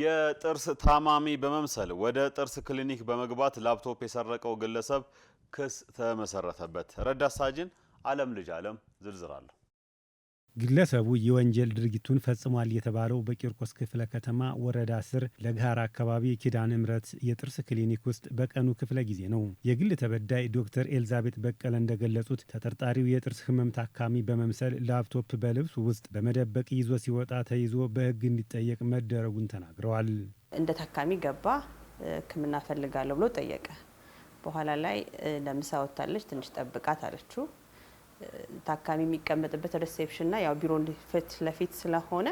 የጥርስ ታማሚ በመምሰል ወደ ጥርስ ክሊኒክ በመግባት ላፕቶፕ የሰረቀው ግለሰብ ክስ ተመሰረተበት። ረዳት ሳጅን አለም ልጅ አለም ዝርዝር አለሁ ግለሰቡ የወንጀል ድርጊቱን ፈጽሟል የተባለው በቂርቆስ ክፍለ ከተማ ወረዳ ስር ለግሃር አካባቢ ኪዳን እምረት የጥርስ ክሊኒክ ውስጥ በቀኑ ክፍለ ጊዜ ነው። የግል ተበዳይ ዶክተር ኤልዛቤት በቀለ እንደገለጹት ተጠርጣሪው የጥርስ ህመም ታካሚ በመምሰል ላፕቶፕ በልብስ ውስጥ በመደበቅ ይዞ ሲወጣ ተይዞ በህግ እንዲጠየቅ መደረጉን ተናግረዋል። እንደ ታካሚ ገባ፣ ህክምና ፈልጋለሁ ብሎ ጠየቀ። በኋላ ላይ ለምሳ ወጥታለች፣ ትንሽ ጠብቃት አለችው ታካሚ የሚቀመጥበት ሪሴፕሽንና ያው ቢሮ ፊት ለፊት ስለሆነ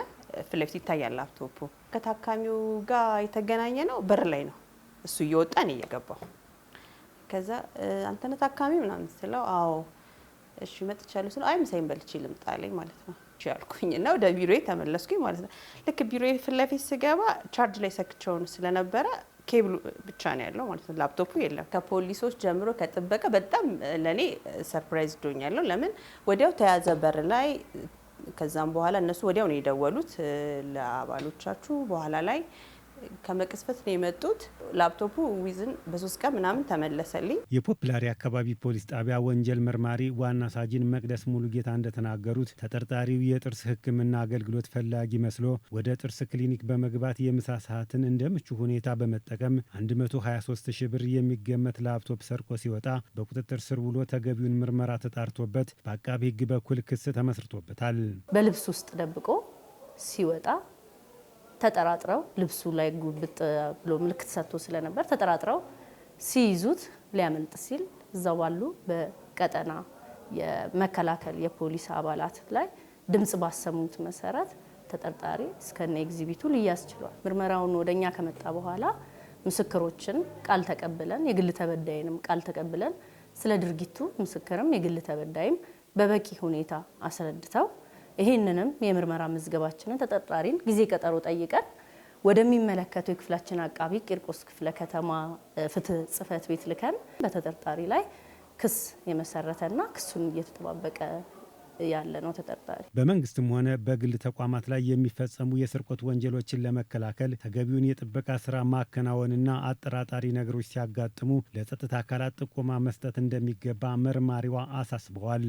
ፊት ለፊት ይታያል ላፕቶፑ። ከታካሚው ጋር የተገናኘ ነው በር ላይ ነው እሱ እየወጣ ነው እየገባው። ከዛ አንተነ ታካሚ ምናምን ስለው አዎ እሺ መጥቻለሁ ስለው አይ ምሳይን በልቼ ልምጣ አለኝ ማለት ነው ያልኩኝ እና ወደ ቢሮዬ ተመለስኩኝ ማለት ነው። ልክ ቢሮዬ ፊት ለፊት ስገባ ቻርጅ ላይ ሰክቸውን ስለነበረ ኬብሉ ብቻ ነው ያለው ማለት ነው። ላፕቶፑ የለም። ከፖሊሶች ጀምሮ ከጥበቃ በጣም ለእኔ ሰርፕራይዝ ዶኛለሁ። ለምን ወዲያው ተያዘ በር ላይ። ከዛም በኋላ እነሱ ወዲያው ነው የደወሉት ለአባሎቻችሁ በኋላ ላይ ከመቅስፈት ነው የመጡት። ላፕቶፑ ዊዝን በሶስት ቀን ምናምን ተመለሰልኝ። የፖፕላሪ አካባቢ ፖሊስ ጣቢያ ወንጀል መርማሪ ዋና ሳጅን መቅደስ ሙሉጌታ እንደተናገሩት ተጠርጣሪው የጥርስ ሕክምና አገልግሎት ፈላጊ መስሎ ወደ ጥርስ ክሊኒክ በመግባት የምሳ ሰዓትን እንደ ምቹ ሁኔታ በመጠቀም 123 ሺህ ብር የሚገመት ላፕቶፕ ሰርቆ ሲወጣ በቁጥጥር ስር ውሎ ተገቢውን ምርመራ ተጣርቶበት በአቃቢ ሕግ በኩል ክስ ተመስርቶበታል። በልብስ ውስጥ ደብቆ ሲወጣ ተጠራጥረው ልብሱ ላይ ጉብጥ ብሎ ምልክት ሰጥቶ ስለነበር ተጠራጥረው ሲይዙት ሊያመልጥ ሲል እዛው ባሉ በቀጠና የመከላከል የፖሊስ አባላት ላይ ድምጽ ባሰሙት መሰረት ተጠርጣሪ እስከነ ኤግዚቢቱ ሊያዝ ችሏል። ምርመራውን ወደኛ ከመጣ በኋላ ምስክሮችን ቃል ተቀብለን የግል ተበዳይንም ቃል ተቀብለን ስለ ድርጊቱ ምስክርም የግል ተበዳይም በበቂ ሁኔታ አስረድተው ይህንንም የምርመራ ምዝገባችንን ተጠርጣሪን ጊዜ ቀጠሮ ጠይቀን ወደሚመለከተው የክፍላችን አቃቢ ቂርቆስ ክፍለ ከተማ ፍትህ ጽህፈት ቤት ልከን በተጠርጣሪ ላይ ክስ የመሰረተና ክሱን እየተጠባበቀ ያለ ነው። ተጠርጣሪ በመንግስትም ሆነ በግል ተቋማት ላይ የሚፈጸሙ የስርቆት ወንጀሎችን ለመከላከል ተገቢውን የጥበቃ ስራ ማከናወንና አጠራጣሪ ነገሮች ሲያጋጥሙ ለጸጥታ አካላት ጥቆማ መስጠት እንደሚገባ መርማሪዋ አሳስበዋል።